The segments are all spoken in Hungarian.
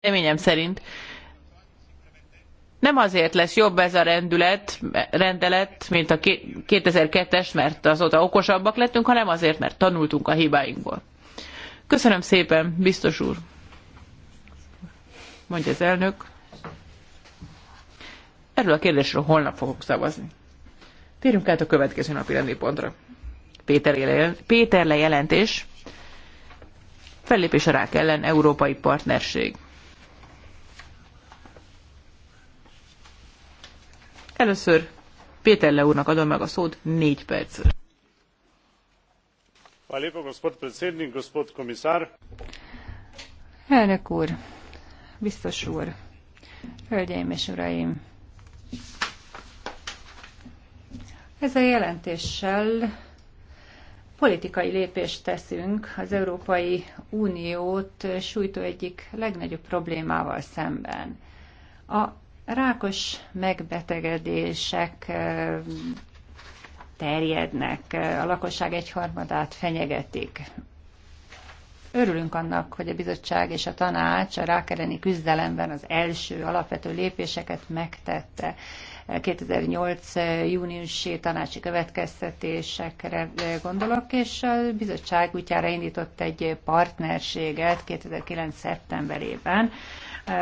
Reményem szerint nem azért lesz jobb ez a rendület, rendelet, mint a 2002-es, mert azóta okosabbak lettünk, hanem azért, mert tanultunk a hibáinkból. Köszönöm szépen, biztos úr. Mondja az elnök. Erről a kérdésről holnap fogok szavazni. Térjünk át a következő napi rendi pontra. Péter, jelen, Péter lejelentés. Fellépés a rák ellen európai partnerség. Először Péter Le adom meg a szót négy percre. Elnök úr, biztos úr, hölgyeim és uraim! Ezzel a jelentéssel politikai lépést teszünk az Európai Uniót sújtó egyik legnagyobb problémával szemben. A rákos megbetegedések terjednek, a lakosság egyharmadát fenyegetik. Örülünk annak, hogy a bizottság és a tanács a rák elleni küzdelemben az első alapvető lépéseket megtette. 2008. júniusi tanácsi következtetésekre gondolok, és a bizottság útjára indított egy partnerséget 2009. szeptemberében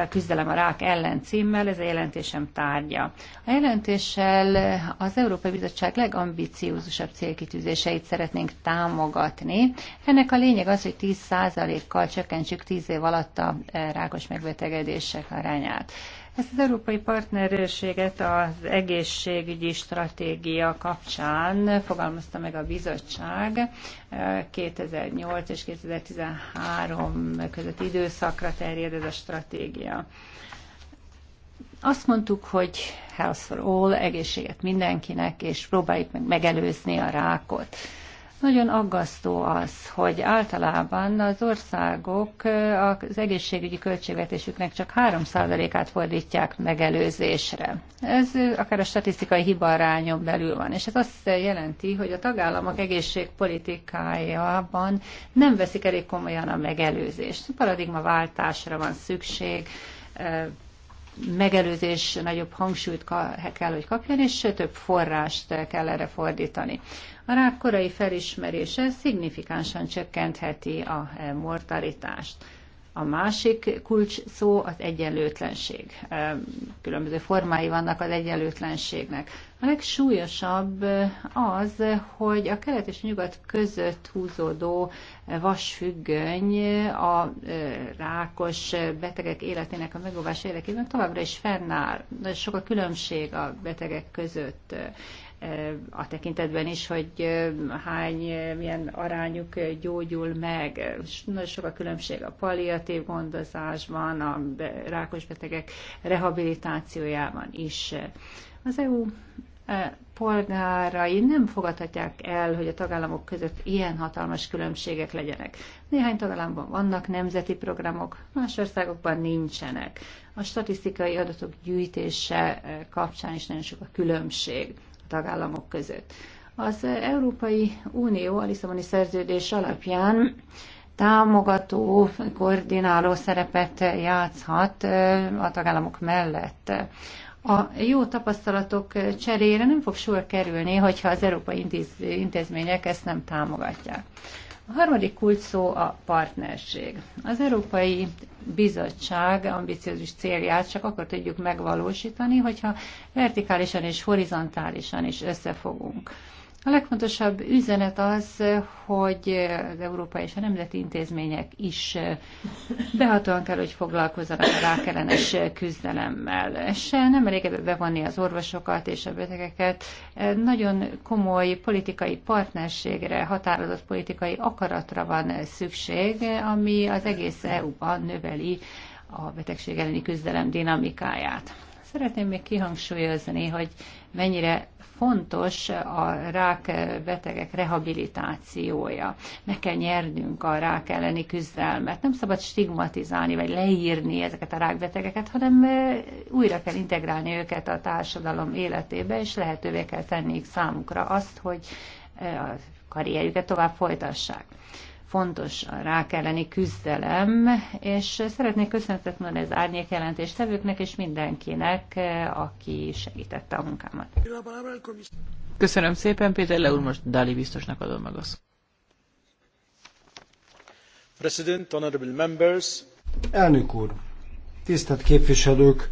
küzdelem a rák ellen címmel, ez a jelentésem tárgya. A jelentéssel az Európai Bizottság legambiciózusabb célkitűzéseit szeretnénk támogatni. Ennek a lényeg az, hogy 10%-kal csökkentsük 10 év alatt a rákos megbetegedések arányát. Ezt az európai partnerséget az egészségügyi stratégia kapcsán fogalmazta meg a bizottság 2008 eh, és 2013 közötti időszakra terjed ez a stratégia. Azt mondtuk, hogy health for all, egészséget mindenkinek, és próbáljuk meg megelőzni a rákot. Nagyon aggasztó az, hogy általában az országok az egészségügyi költségvetésüknek csak 3%-át fordítják megelőzésre. Ez akár a statisztikai hibarányon belül van, és ez azt jelenti, hogy a tagállamok egészségpolitikájában nem veszik elég komolyan a megelőzést. váltásra van szükség, megelőzés nagyobb hangsúlyt kell, hogy kapjon, és több forrást kell erre fordítani. A rák korai felismerése szignifikánsan csökkentheti a mortalitást. A másik kulcs szó az egyenlőtlenség. Különböző formái vannak az egyenlőtlenségnek. A legsúlyosabb az, hogy a kelet és nyugat között húzódó vasfüggöny a rákos betegek életének a megóvás érdekében továbbra is fennáll. Sok a különbség a betegek között a tekintetben is, hogy hány, milyen arányuk gyógyul meg. Nagyon sok a különbség a palliatív gondozásban, a rákos betegek rehabilitációjában is. Az EU polgárai nem fogadhatják el, hogy a tagállamok között ilyen hatalmas különbségek legyenek. Néhány tagállamban vannak nemzeti programok, más országokban nincsenek. A statisztikai adatok gyűjtése kapcsán is nagyon sok a különbség tagállamok között. Az Európai Unió a Lisszaboni szerződés alapján támogató, koordináló szerepet játszhat a tagállamok mellett. A jó tapasztalatok cserére nem fog sor kerülni, hogyha az európai intézmények ezt nem támogatják. A harmadik kulcs szó a partnerség. Az Európai Bizottság ambiciózus célját csak akkor tudjuk megvalósítani, hogyha vertikálisan és horizontálisan is összefogunk. A legfontosabb üzenet az, hogy az európai és a nemzeti intézmények is behatóan kell, hogy foglalkozzanak a rákellenes küzdelemmel. És nem elég bevonni az orvosokat és a betegeket. Nagyon komoly politikai partnerségre, határozott politikai akaratra van szükség, ami az egész EU-ban növeli a betegség elleni küzdelem dinamikáját. Szeretném még kihangsúlyozni, hogy mennyire fontos a rák betegek rehabilitációja. Meg kell nyernünk a rák elleni küzdelmet. Nem szabad stigmatizálni vagy leírni ezeket a rákbetegeket, hanem újra kell integrálni őket a társadalom életébe, és lehetővé kell tenniük számukra azt, hogy a karrierjüket tovább folytassák fontos a rák elleni küzdelem, és szeretnék köszönetet mondani az árnyék jelentéstevőknek és mindenkinek, aki segítette a munkámat. Köszönöm szépen, Péter Leúr, most Dali biztosnak adom meg azt. President, honorable members. Elnök úr, tisztelt képviselők,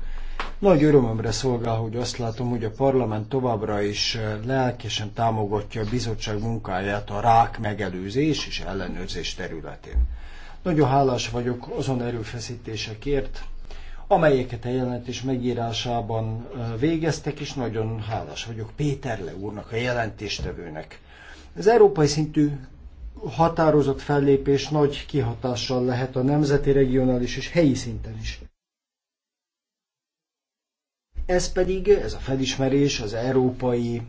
nagy örömömre szolgál, hogy azt látom, hogy a parlament továbbra is eh, lelkesen támogatja a bizottság munkáját a rák megelőzés és ellenőrzés területén. Nagyon hálás vagyok azon erőfeszítésekért, amelyeket a jelentés megírásában eh, végeztek, és nagyon hálás vagyok Péterle úrnak, a jelentéstevőnek. Az európai szintű határozott fellépés nagy kihatással lehet a nemzeti, regionális és helyi szinten is. Ez pedig, ez a felismerés az európai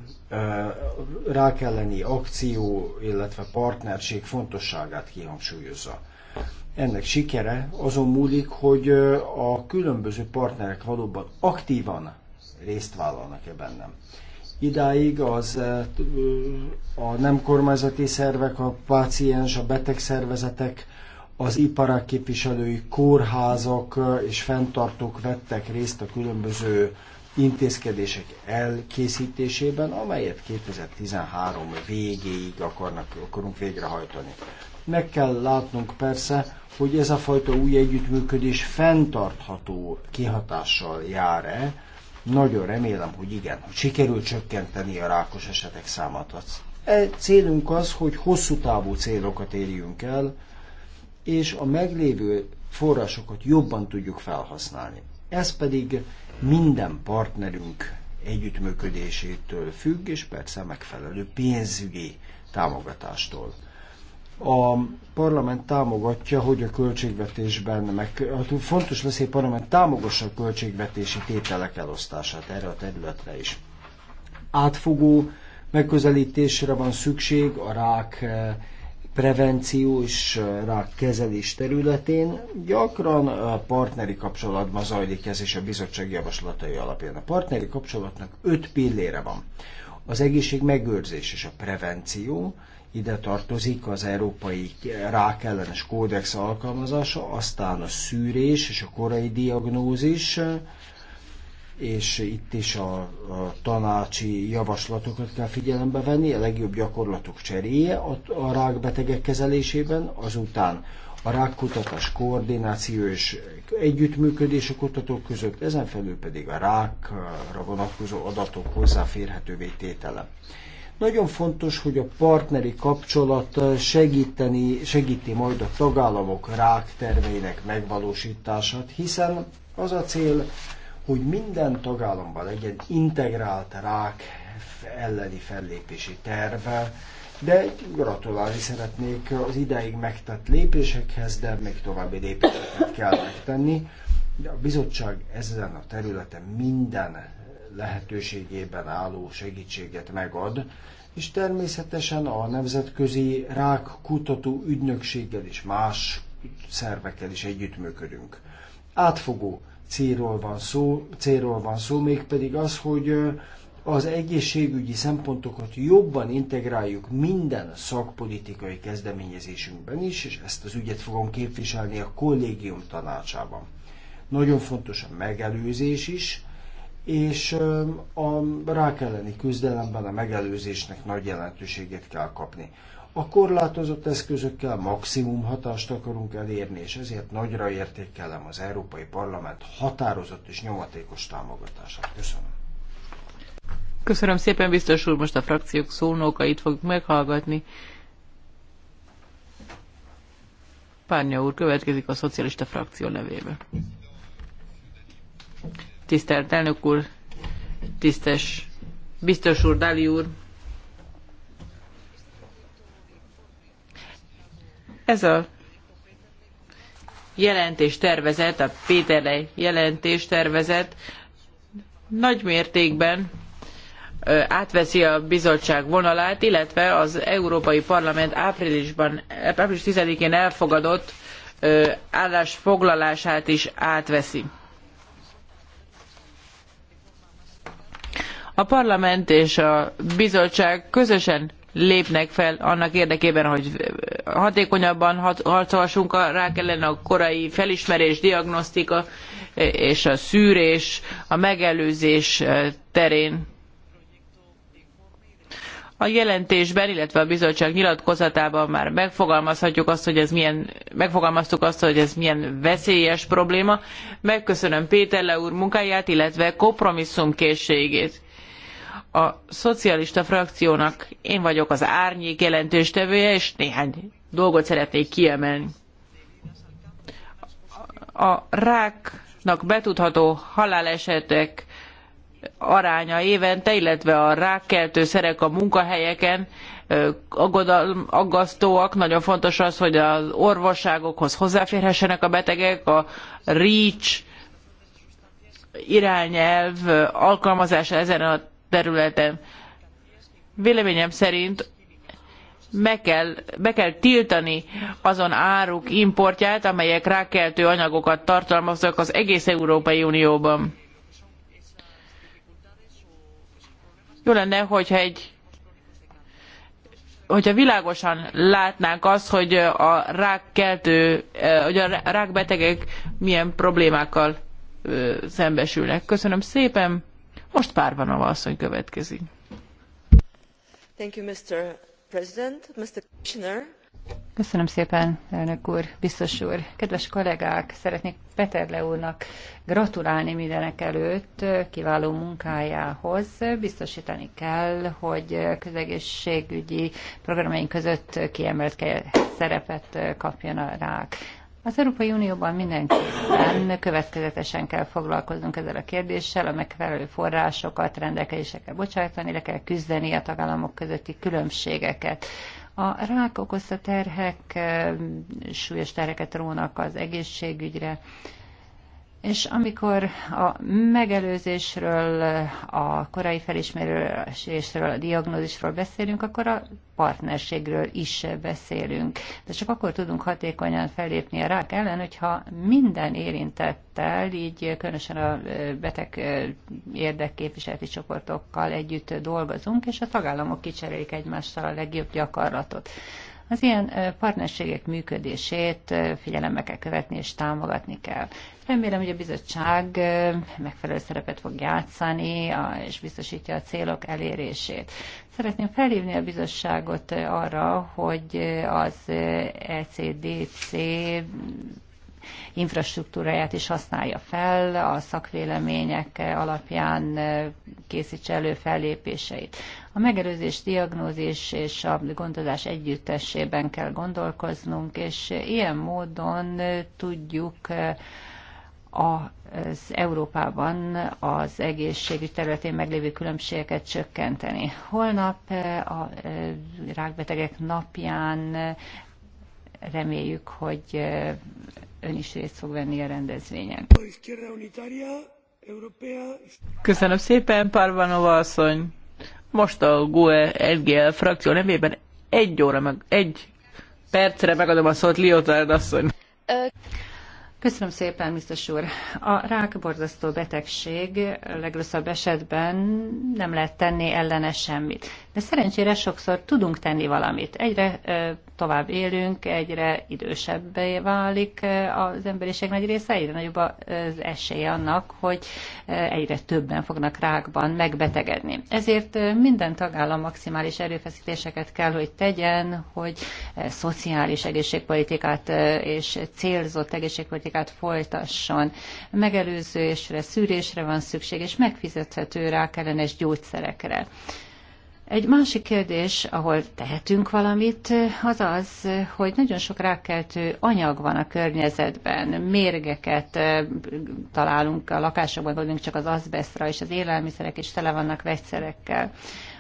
rák elleni akció, illetve partnerség fontosságát kihangsúlyozza. Ennek sikere azon múlik, hogy a különböző partnerek valóban aktívan részt vállalnak-e bennem. Idáig az a nem kormányzati szervek, a páciens, a szervezetek az iparák képviselői, kórházak és fenntartók vettek részt a különböző intézkedések elkészítésében, amelyet 2013 végéig akarnak, akarunk végrehajtani. Meg kell látnunk persze, hogy ez a fajta új együttműködés fenntartható kihatással jár-e. Nagyon remélem, hogy igen, hogy sikerül csökkenteni a rákos esetek számát. E célunk az, hogy hosszú távú célokat érjünk el, és a meglévő forrásokat jobban tudjuk felhasználni. Ez pedig minden partnerünk együttműködésétől függ, és persze megfelelő pénzügyi támogatástól. A parlament támogatja, hogy a költségvetésben, meg fontos lesz, hogy a parlament támogassa a költségvetési tételek elosztását erre a területre is. Átfogó megközelítésre van szükség a rák prevenció és rákkezelés területén gyakran a partneri kapcsolatban zajlik ez, és a bizottság javaslatai alapján. A partneri kapcsolatnak öt pillére van. Az egészség megőrzés és a prevenció, ide tartozik az Európai Rákellenes Kódex alkalmazása, aztán a szűrés és a korai diagnózis, és itt is a, a tanácsi javaslatokat kell figyelembe venni, a legjobb gyakorlatok cseréje a, a rákbetegek kezelésében, azután a rákkutatás koordináció és együttműködés a kutatók között, ezen felül pedig a rákra vonatkozó adatok hozzáférhetővé tétele. Nagyon fontos, hogy a partneri kapcsolat segíteni, segíti majd a tagállamok rák terveinek megvalósítását, hiszen az a cél, hogy minden tagállamban legyen integrált rák elleni fellépési terve, de gratulálni szeretnék az ideig megtett lépésekhez, de még további lépéseket kell megtenni. De a bizottság ezen a területen minden lehetőségében álló segítséget megad, és természetesen a Nemzetközi kutató Ügynökséggel és más szervekkel is együttműködünk. Átfogó célról van szó, célról van szó mégpedig az, hogy az egészségügyi szempontokat jobban integráljuk minden szakpolitikai kezdeményezésünkben is, és ezt az ügyet fogom képviselni a kollégium tanácsában. Nagyon fontos a megelőzés is, és a rák elleni küzdelemben a megelőzésnek nagy jelentőséget kell kapni. A korlátozott eszközökkel maximum hatást akarunk elérni, és ezért nagyra értékelem az Európai Parlament határozott és nyomatékos támogatását. Köszönöm. Köszönöm szépen, biztos úr, most a frakciók szólnókait fogjuk meghallgatni. Párnya úr következik a szocialista frakció nevébe. Tisztelt elnök úr, tisztes biztos úr, Dali úr, Ez a jelentés tervezet, a Péterle jelentés tervezet nagy mértékben átveszi a bizottság vonalát, illetve az Európai Parlament áprilisban, április 10-én elfogadott állásfoglalását is átveszi. A parlament és a bizottság közösen lépnek fel annak érdekében, hogy hatékonyabban harcolhassunk a rák ellen a korai felismerés, diagnosztika és a szűrés, a megelőzés eh, terén. A jelentésben, illetve a bizottság nyilatkozatában már megfogalmazhatjuk azt, hogy ez milyen, megfogalmaztuk azt, hogy ez milyen veszélyes probléma. Megköszönöm Péter Le úr munkáját, illetve kompromisszumkészségét a szocialista frakciónak én vagyok az árnyék jelentős tevője, és néhány dolgot szeretnék kiemelni. A ráknak betudható halálesetek aránya évente, illetve a rákkeltő szerek a munkahelyeken aggasztóak. Nagyon fontos az, hogy az orvosságokhoz hozzáférhessenek a betegek, a REACH irányelv alkalmazása ezen a területen. Véleményem szerint meg kell, be kell tiltani azon áruk importját, amelyek rákeltő anyagokat tartalmaznak az egész Európai Unióban. Jó lenne, hogyha egy hogyha világosan látnánk azt, hogy a rákkeltő, hogy a rákbetegek milyen problémákkal szembesülnek. Köszönöm szépen! Most Párvanova asszony következik. Thank you, Mr. President, Mr. Commissioner. Köszönöm szépen, elnök úr, biztos úr. Kedves kollégák, szeretnék Peterle úrnak gratulálni mindenek előtt eh, kiváló munkájához. Biztosítani kell, hogy közegészségügyi programjaink között kiemelt szerepet eh, kapjon a rák. Az Európai Unióban mindenképpen következetesen kell foglalkoznunk ezzel a kérdéssel, a megfelelő forrásokat rendelkezésekkel bocsájtani, le kell küzdeni a tagállamok közötti különbségeket. A rák okozta terhek súlyos terheket rónak az egészségügyre, és amikor a megelőzésről, a korai felismerésről, a diagnózisról beszélünk, akkor a partnerségről is beszélünk. De csak akkor tudunk hatékonyan fellépni a rák ellen, hogyha minden érintettel, így különösen a beteg érdekképviseleti csoportokkal együtt dolgozunk, és a tagállamok kicserélik egymással a legjobb gyakorlatot. Az ilyen partnerségek működését figyelembe kell követni és támogatni kell. Remélem, hogy a bizottság megfelelő szerepet fog játszani és biztosítja a célok elérését. Szeretném felhívni a bizottságot arra, hogy az ECDC infrastruktúráját is használja fel, a szakvélemények alapján eh, készítse elő fellépéseit. A megelőzés, diagnózis és a gondozás együttesében kell gondolkoznunk, és ilyen módon eh, tudjuk eh, az Európában az egészségügy területén meglévő különbségeket csökkenteni. Holnap a rákbetegek napján Reméljük, hogy ön is részt fog venni a rendezvényen. Köszönöm szépen, Parvanova asszony. Most a GUE NGL frakció nevében egy óra meg egy percre megadom a szót Liotard asszony. Köszönöm szépen, biztos úr. A rák borzasztó betegség legrosszabb esetben nem lehet tenni ellene semmit. De szerencsére sokszor tudunk tenni valamit. Egyre tovább élünk, egyre idősebbé válik az emberiség nagy része, egyre nagyobb az esély annak, hogy egyre többen fognak rákban megbetegedni. Ezért minden tagállam maximális erőfeszítéseket kell, hogy tegyen, hogy szociális egészségpolitikát és célzott egészségpolitikát folytasson. Megelőzésre, szűrésre van szükség, és megfizethető rákellenes gyógyszerekre. Egy másik kérdés, ahol tehetünk valamit, az az, hogy nagyon sok rákkeltő anyag van a környezetben, mérgeket eh, találunk a lakásokban, gondolunk csak az azbesztra, és az élelmiszerek is tele vannak vegyszerekkel.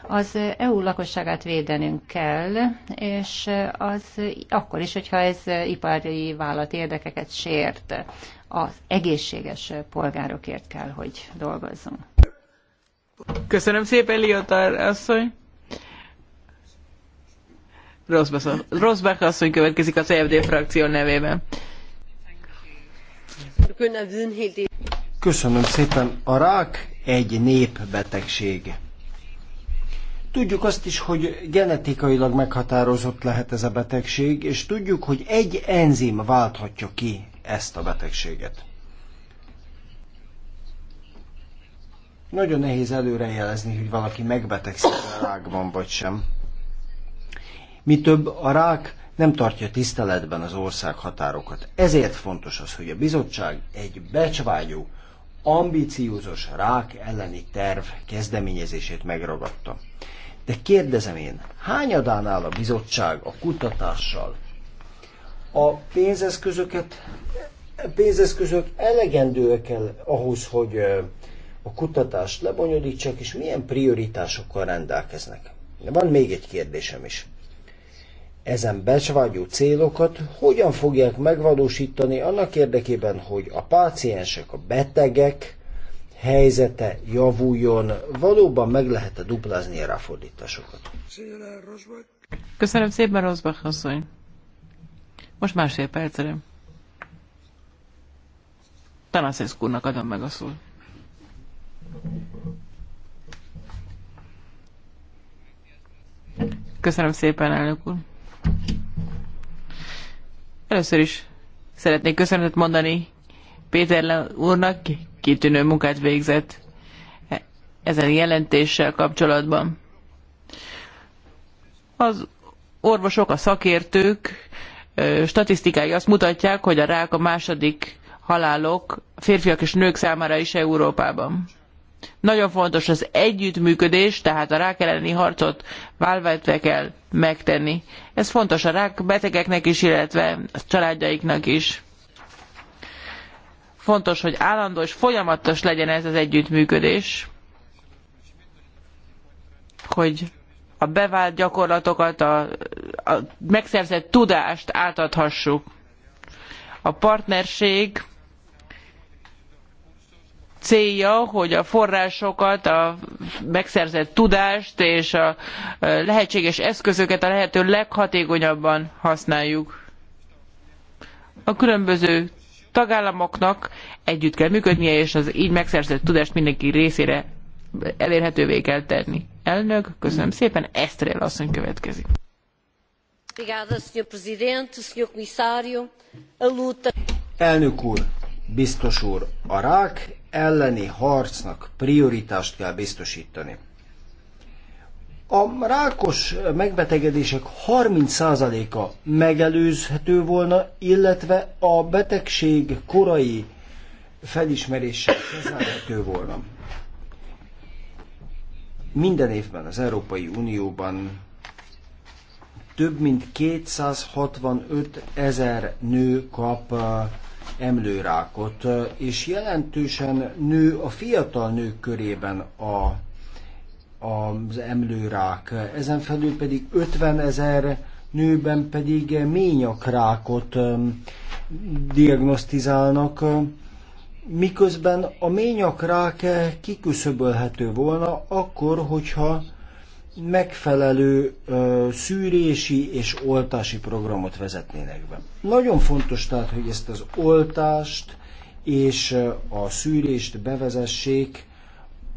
Az EU lakosságát védenünk kell, és az akkor is, hogyha ez ipari vállalat érdekeket sért, az egészséges polgárokért kell, hogy dolgozzunk. Köszönöm szépen, Liotár asszony. Rosbach asszony következik az EFD frakció nevében. Köszönöm szépen. A rák egy népbetegség. Tudjuk azt is, hogy genetikailag meghatározott lehet ez a betegség, és tudjuk, hogy egy enzim válthatja ki ezt a betegséget. Nagyon nehéz előrejelezni, hogy valaki megbetegszik a rákban vagy sem. Mi több, a rák nem tartja tiszteletben az ország határokat. Ezért fontos az, hogy a bizottság egy becsvágyó, ambiciózus rák elleni terv kezdeményezését megragadta. De kérdezem én, hányadán áll a bizottság a kutatással? A pénzeszközöket, pénzeszközök elegendőek el ahhoz, hogy a kutatást lebonyolítsák, és milyen prioritásokkal rendelkeznek. De van még egy kérdésem is. Ezen becsvágyó célokat hogyan fogják megvalósítani annak érdekében, hogy a páciensek, a betegek helyzete javuljon, valóban meg lehet-e duplázni a ráfordításokat? Köszönöm szépen, Rosbach asszony. Most másfél percre. Tanaszeszkúrnak adom meg a szót. Köszönöm szépen, elnök úr. Először is szeretnék köszönetet mondani Péter úrnak, kitűnő munkát végzett ezen jelentéssel kapcsolatban. Az orvosok, a szakértők statisztikái azt mutatják, hogy a rák a második halálok férfiak és nők számára is Európában. Nagyon fontos az együttműködés, tehát a rák elleni harcot válvetve kell megtenni. Ez fontos a rák betegeknek is, illetve a családjaiknak is. Fontos, hogy állandó és folyamatos legyen ez az együttműködés, hogy a bevált gyakorlatokat, a, a megszerzett tudást átadhassuk. A partnerség célja, hogy a forrásokat, a megszerzett tudást és a lehetséges eszközöket a lehető leghatékonyabban használjuk. A különböző tagállamoknak együtt kell működnie, és az így megszerzett tudást mindenki részére elérhetővé kell tenni. Elnök, köszönöm szépen, Esztrél asszony következik. Elnök úr, biztos úr, a rák elleni harcnak prioritást kell biztosítani. A rákos megbetegedések 30%-a megelőzhető volna, illetve a betegség korai felismerése kezelhető volna. Minden évben az Európai Unióban több mint 265 ezer nő kap emlőrákot, és jelentősen nő a fiatal nők körében a, az emlőrák. Ezen felül pedig 50 ezer nőben pedig ményakrákot um, diagnosztizálnak, miközben a ményakrák kiküszöbölhető volna akkor, hogyha megfelelő ö, szűrési és oltási programot vezetnének be. Nagyon fontos tehát, hogy ezt az oltást és a szűrést bevezessék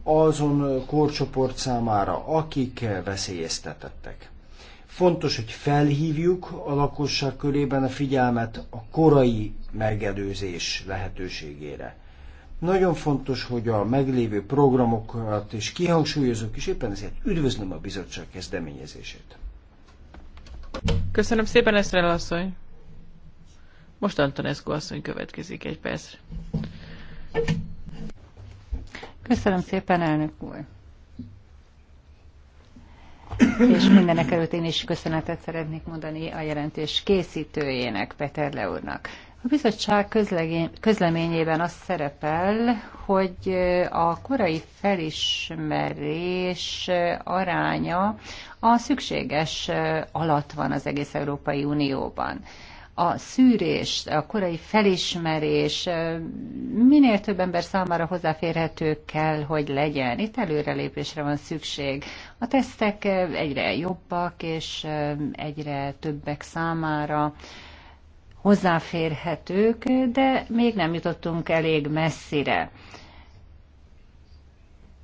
azon korcsoport számára, akik veszélyeztetettek. Fontos, hogy felhívjuk a lakosság körében a figyelmet a korai megelőzés lehetőségére. Nagyon fontos, hogy a meglévő programokat is kihangsúlyozunk, és éppen ezért üdvözlöm a bizottság kezdeményezését. Köszönöm szépen, Eszrel asszony. Most Antonescu asszony következik egy percre. Köszönöm szépen, elnök úr. És mindenek előtt én is köszönetet szeretnék mondani a jelentés készítőjének, Peter Leurnak. A bizottság közleményében az szerepel, hogy a korai felismerés aránya a szükséges alatt van az egész Európai Unióban a szűrés, a korai felismerés minél több ember számára hozzáférhető kell, hogy legyen. Itt előrelépésre van szükség. A tesztek egyre jobbak, és egyre többek számára hozzáférhetők, de még nem jutottunk elég messzire.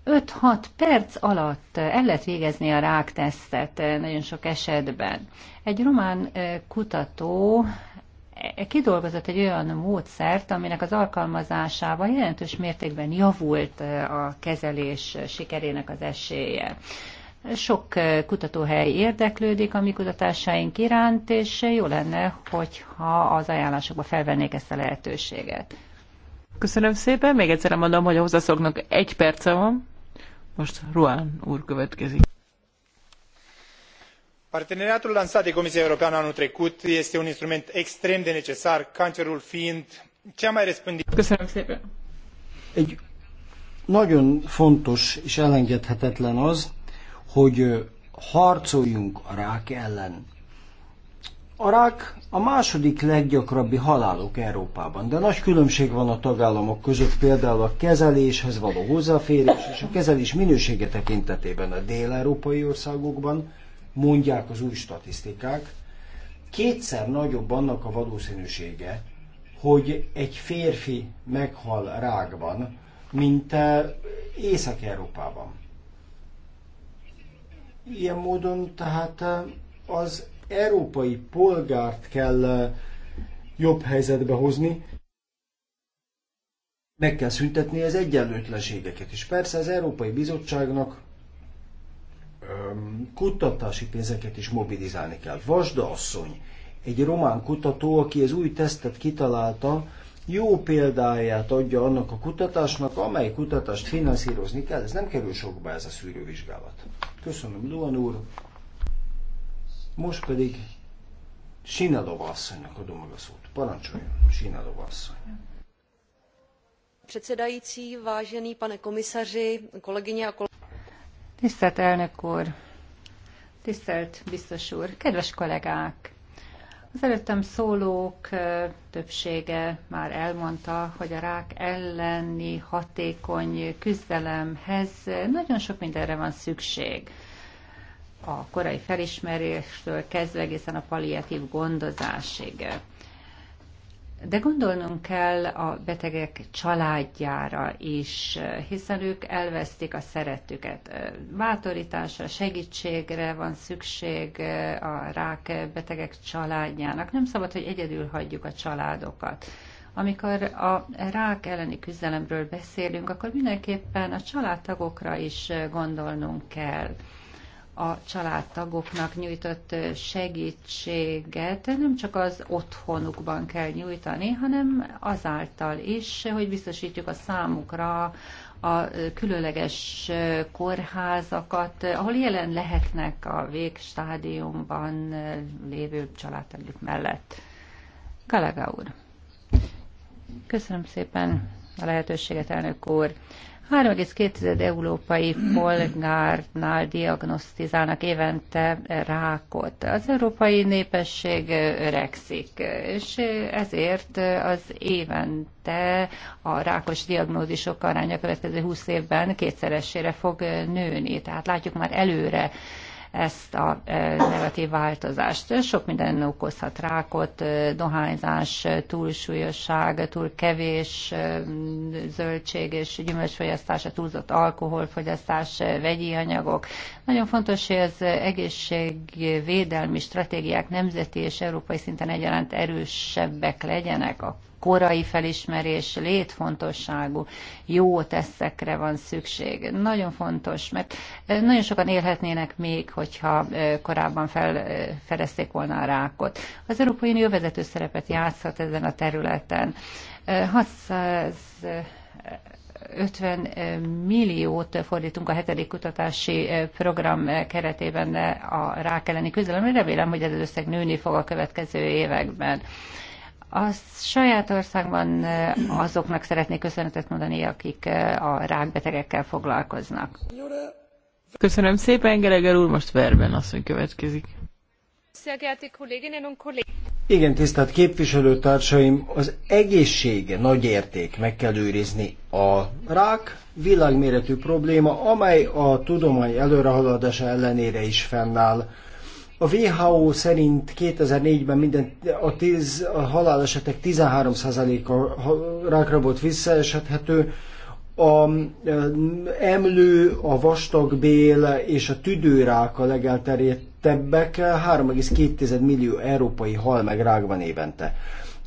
5-6 perc alatt el lehet végezni a ráktesztet nagyon sok esetben. Egy román kutató e, kidolgozott egy olyan módszert, aminek az alkalmazásával jelentős mértékben javult a kezelés sikerének az esélye. Sok eh, kutatóhely érdeklődik a mi kutatásaink iránt, és jó lenne, hogyha az ajánlásokba felvennék ezt a lehetőséget. Köszönöm szépen, még egyszer mondom, hogy a hozzászoknak egy perce van. Most Ruán úr következik. Parteneriatul lansat de Comisia Europeană anul trecut este un instrument extrem de necesar, cancerul fiind cea mai răspândită. Köszönöm szépen. Egy nagyon fontos és elengedhetetlen az, hogy harcoljunk a rák ellen. A rák a második leggyakrabbi halálok Európában, de nagy különbség van a tagállamok között, például a kezeléshez való hozzáférés és a kezelés minősége tekintetében a dél-európai országokban, mondják az új statisztikák, kétszer nagyobb annak a valószínűsége, hogy egy férfi meghal rákban, mint Észak-Európában. Ilyen módon tehát az európai polgárt kell jobb helyzetbe hozni, meg kell szüntetni az egyenlőtlenségeket. És persze az Európai Bizottságnak kutatási pénzeket is mobilizálni kell. Vasda asszony, egy román kutató, aki az új tesztet kitalálta, jó példáját adja annak a kutatásnak, amely kutatást finanszírozni kell. Ez nem kerül sokba ez a szűrővizsgálat. Köszönöm, Luan úr. Most pedig Sinelova asszonynak adom meg a szót. Parancsoljon, Sinelova asszony. Předsedající, vážený pane komisaři, kolegyně a Tisztelt elnök úr, tisztelt biztos úr, kedves kollégák! Az előttem szólók többsége már elmondta, hogy a rák elleni hatékony küzdelemhez nagyon sok mindenre van szükség. A korai felismeréstől kezdve egészen a palliatív gondozásig. De gondolnunk kell a betegek családjára is, hiszen ők elvesztik a szeretüket. Bátorításra, segítségre van szükség eh, a rák betegek családjának. Nem szabad, hogy egyedül hagyjuk a családokat. Amikor a rák elleni küzdelemről beszélünk, akkor mindenképpen a családtagokra is eh, gondolnunk kell a családtagoknak nyújtott segítséget nem csak az otthonukban kell nyújtani, hanem azáltal is, hogy biztosítjuk a számukra a különleges kórházakat, ahol jelen lehetnek a végstádiumban lévő családtagjuk mellett. Galaga úr. Köszönöm szépen a lehetőséget, elnök úr. 3,2 európai polgárnál diagnosztizálnak évente rákot. Az európai népesség öregszik, és ezért az évente a rákos diagnózisok aránya következő 20 évben kétszeresére fog nőni. Tehát látjuk már előre ezt a e, negatív változást. Sok minden okozhat rákot, e, dohányzás, e, túlsúlyosság, túl kevés zöldség és gyümölcsfogyasztás, a túlzott alkoholfogyasztás, vegyi anyagok. Nagyon fontos, hogy az egészségvédelmi stratégiák nemzeti és európai szinten egyaránt erősebbek legyenek a korai felismerés létfontosságú, jó teszekre van szükség. Nagyon fontos, mert nagyon sokan élhetnének még, hogyha korábban felfedezték volna a rákot. Az Európai Unió vezető szerepet játszhat ezen a területen. 600 50 milliót fordítunk a hetedik kutatási program keretében a rák elleni küzdelemre. Remélem, hogy ez az összeg nőni fog a következő években. A saját országban eh, azoknak szeretnék köszönetet mondani, akik eh, a rákbetegekkel foglalkoznak. Köszönöm szépen, Gereger úr, most Verben asszony következik. Igen, tisztelt képviselőtársaim, az egészség nagy érték, meg kell őrizni. A rák világméretű probléma, amely a tudomány előrehaladása ellenére is fennáll a WHO szerint 2004-ben minden, a, tíz a halálesetek 13%-a rákra volt visszaesethető, a eh, emlő, a vastagbél és a tüdőrák a legelterjedtebbek, 3,2 millió európai hal meg van évente.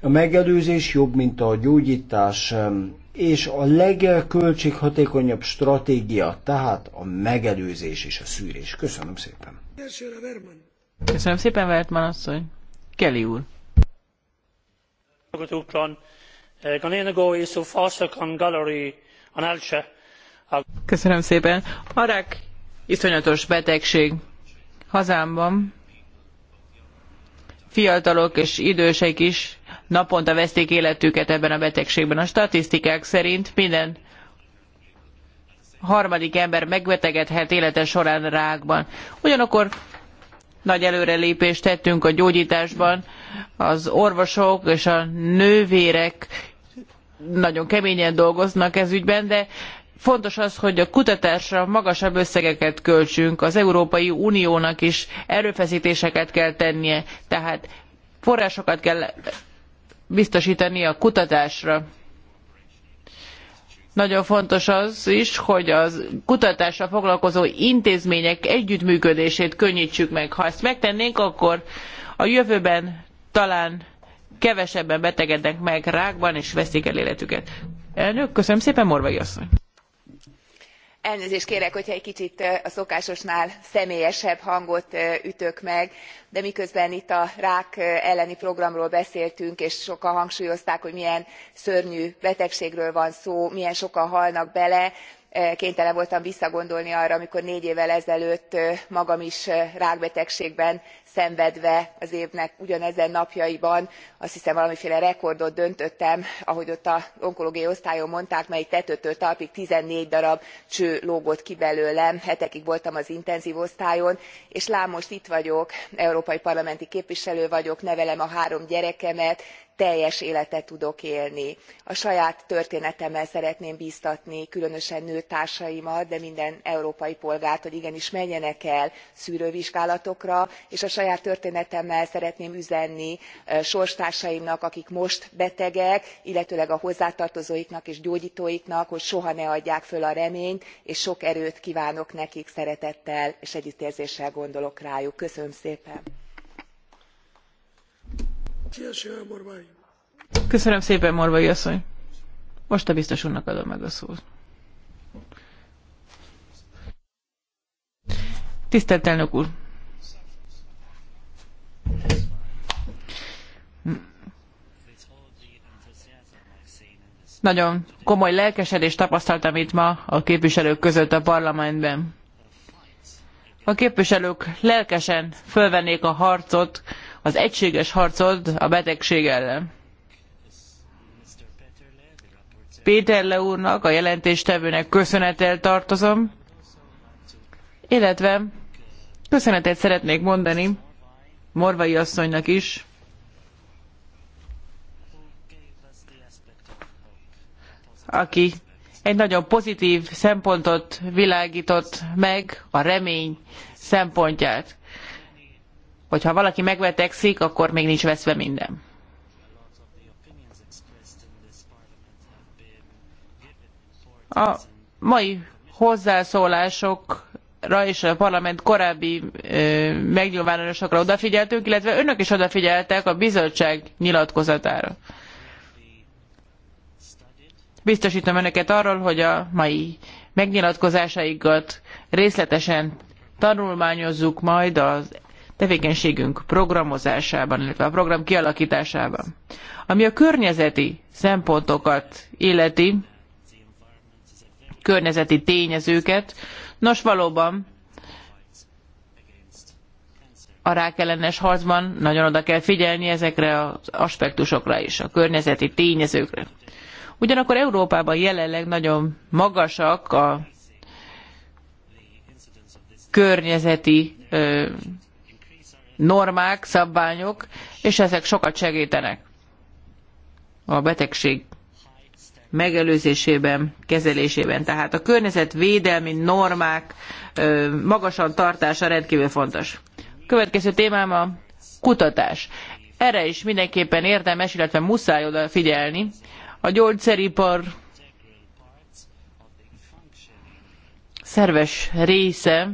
A megelőzés jobb, mint a gyógyítás, eh, és a legköltséghatékonyabb stratégia, tehát a megelőzés és a szűrés. Köszönöm szépen! Köszönöm szépen, Vertman asszony. Kelly úr. Eh, Köszönöm szépen. A iszonyatos betegség hazámban. Fiatalok és idősek is naponta veszték életüket ebben a betegségben. A statisztikák szerint minden harmadik ember megbetegedhet élete során rákban. Ugyanakkor nagy előrelépést tettünk a gyógyításban. Az orvosok és a nővérek nagyon keményen dolgoznak ez ügyben, de fontos az, hogy a kutatásra magasabb összegeket költsünk, az Európai Uniónak is erőfeszítéseket kell tennie, tehát forrásokat kell biztosítani a kutatásra. Nagyon fontos az is, hogy az kutatással foglalkozó intézmények együttműködését könnyítsük meg. Ha ezt megtennénk, akkor a jövőben talán kevesebben betegednek meg rákban, és veszik el életüket. Elnök, köszönöm szépen, Morvai asszony! elnézést kérek hogyha egy kicsit a szokásosnál személyesebb hangot ütök meg de miközben itt a rák elleni programról beszéltünk és sokan hangsúlyozták hogy milyen szörnyű betegségről van szó milyen sokan halnak bele. E, kénytelen voltam visszagondolni arra amikor négy évvel ezelőtt e, magam is e, rákbetegségben szenvedve az évnek ugyanezen napjaiban azt hiszem valamiféle rekordot döntöttem ahogy ott az onkológiai osztályon mondták melyik tetőtől talpig fourteen darab cső lógott ki belőlem hetekig voltam az intenzv osztályon és lám most itt vagyok európai parlamenti képviselő vagyok nevelem a három gyerekemet teljes életet tudok élni. a saját történetemmel szeretném bztatni különösen nőtársaimat de minden európai polgárt hogy igenis menjenek el szűrővizsgálatokra és a saját történetemmel szeretném üzenni sorstársaimnak akik most betegek illetőleg a hozzátartozóiknak és gyógytóiknak hogy soha ne adják föl a reményt és sok erőt kvánok nekik szeretettel és együttérzéssel gondolok rájuk. köszönöm szépen! Köszönöm szépen, Morvai asszony. Most a biztos úrnak adom meg a szót. Tisztelt elnök úr! Nagyon komoly lelkesedést tapasztaltam itt ma a képviselők között a parlamentben a képviselők lelkesen fölvennék a harcot, az egységes harcot a betegség ellen. Péter Le úrnak, a jelentéstevőnek köszönettel tartozom, illetve köszönetet szeretnék mondani Morvai asszonynak is, aki egy nagyon pozitív szempontot világított meg, a remény szempontját. Hogyha valaki megbetegszik, akkor még nincs veszve minden. A mai hozzászólásokra és a parlament korábbi ö, megnyilvánulásokra odafigyeltünk, illetve önök is odafigyeltek a bizottság nyilatkozatára biztosítom önöket arról, hogy a mai megnyilatkozásaikat részletesen tanulmányozzuk majd a tevékenységünk programozásában, illetve a program kialakításában. Ami a környezeti szempontokat illeti, környezeti tényezőket, nos valóban a rákellenes harcban nagyon oda kell figyelni ezekre az aspektusokra is, a környezeti tényezőkre. Ugyanakkor Európában jelenleg nagyon magasak a környezeti normák, szabványok, és ezek sokat segítenek a betegség megelőzésében, kezelésében. Tehát a környezetvédelmi normák magasan tartása rendkívül fontos. Következő témám a kutatás. Erre is mindenképpen érdemes, illetve muszáj odafigyelni, a gyógyszeripar szerves része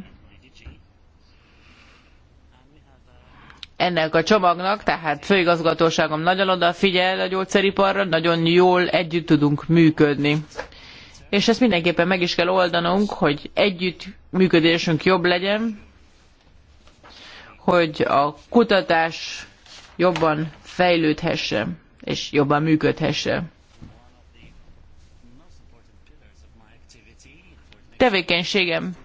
ennek a csomagnak, tehát főigazgatóságom nagyon odafigyel a gyógyszeriparra, nagyon jól együtt tudunk működni. És ezt mindenképpen meg is kell oldanunk, hogy együtt működésünk jobb legyen, hogy a kutatás jobban fejlődhessen és jobban működhessen. tevékenységem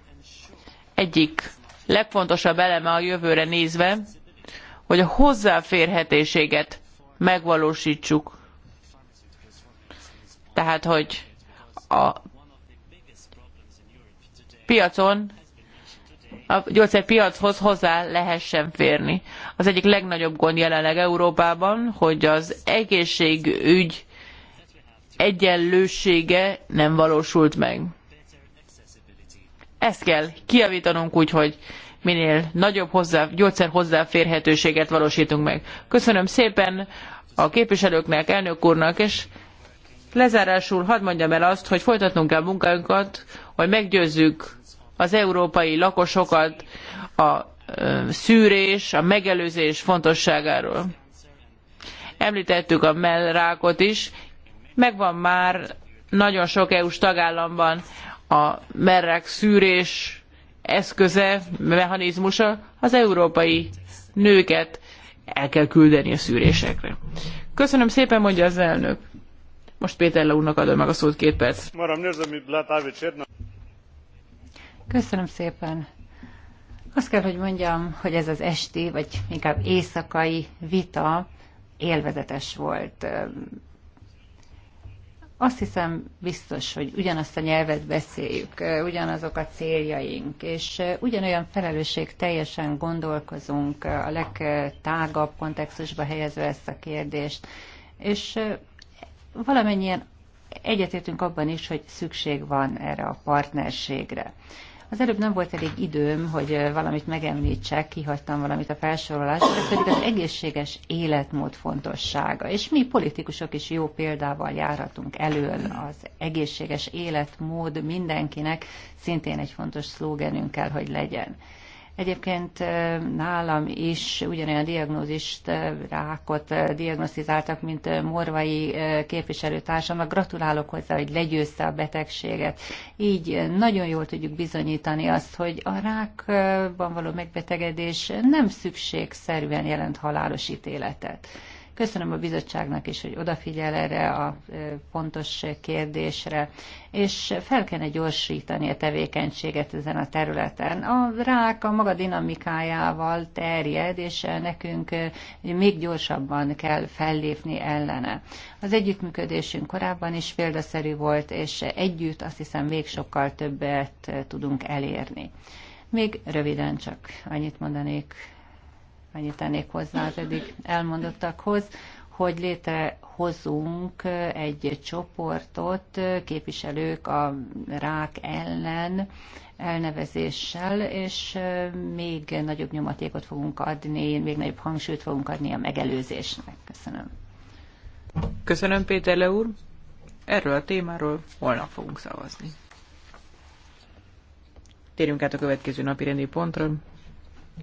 egyik legfontosabb eleme a jövőre nézve, hogy a hozzáférhetőséget megvalósítsuk. Tehát, hogy a piacon, a gyógyszerpiachoz hozzá lehessen férni. Az egyik legnagyobb gond jelenleg Európában, hogy az egészségügy egyenlősége nem valósult meg. Ezt kell kiavítanunk úgy, hogy minél nagyobb hozzá, gyógyszer hozzáférhetőséget valósítunk meg. Köszönöm szépen a képviselőknek, elnök úrnak, és lezárásul hadd mondjam el azt, hogy folytatnunk kell munkánkat, hogy meggyőzzük az európai lakosokat a szűrés, a megelőzés fontosságáról. Említettük a mellrákot is, megvan már nagyon sok EU-s tagállamban a merrek szűrés eszköze, mechanizmusa az európai nőket el kell küldeni a szűrésekre. Köszönöm szépen, mondja az elnök. Most Péter Leúnak adom meg a szót két perc. Köszönöm szépen. Azt kell, hogy mondjam, hogy ez az esti, vagy inkább éjszakai vita élvezetes volt. Azt hiszem biztos, hogy ugyanazt a nyelvet beszéljük, ugyanazok a céljaink, és ugyanolyan felelősség teljesen gondolkozunk a legtágabb kontextusba helyezve ezt a kérdést, és valamennyien egyetértünk abban is, hogy szükség van erre a partnerségre. Az előbb nem volt elég időm, hogy valamit megemlítsek, kihagytam valamit a felsorolásra, ez pedig az egészséges életmód fontossága. És mi politikusok is jó példával járhatunk elől az egészséges életmód mindenkinek, szintén egy fontos szlógenünk kell, hogy legyen. Egyébként nálam is ugyanolyan diagnózist, rákot diagnosztizáltak, mint morvai képviselőtársamnak. Gratulálok hozzá, hogy legyőzte a betegséget. Így nagyon jól tudjuk bizonyítani azt, hogy a rákban való megbetegedés nem szükségszerűen jelent halálos ítéletet. Köszönöm a bizottságnak is, hogy odafigyel erre a fontos kérdésre, és fel kellene gyorsítani a tevékenységet ezen a területen. A rák a maga dinamikájával terjed, és nekünk még gyorsabban kell fellépni ellene. Az együttműködésünk korábban is példaszerű volt, és együtt azt hiszem még sokkal többet tudunk elérni. Még röviden csak annyit mondanék annyit tennék hozzá az eddig elmondottakhoz, hogy létrehozunk egy csoportot képviselők a rák ellen elnevezéssel, és még nagyobb nyomatékot fogunk adni, még nagyobb hangsúlyt fogunk adni a megelőzésnek. Köszönöm. Köszönöm, Péter Le úr. Erről a témáról holnap fogunk szavazni. Térjünk át a következő napi rendi pontra.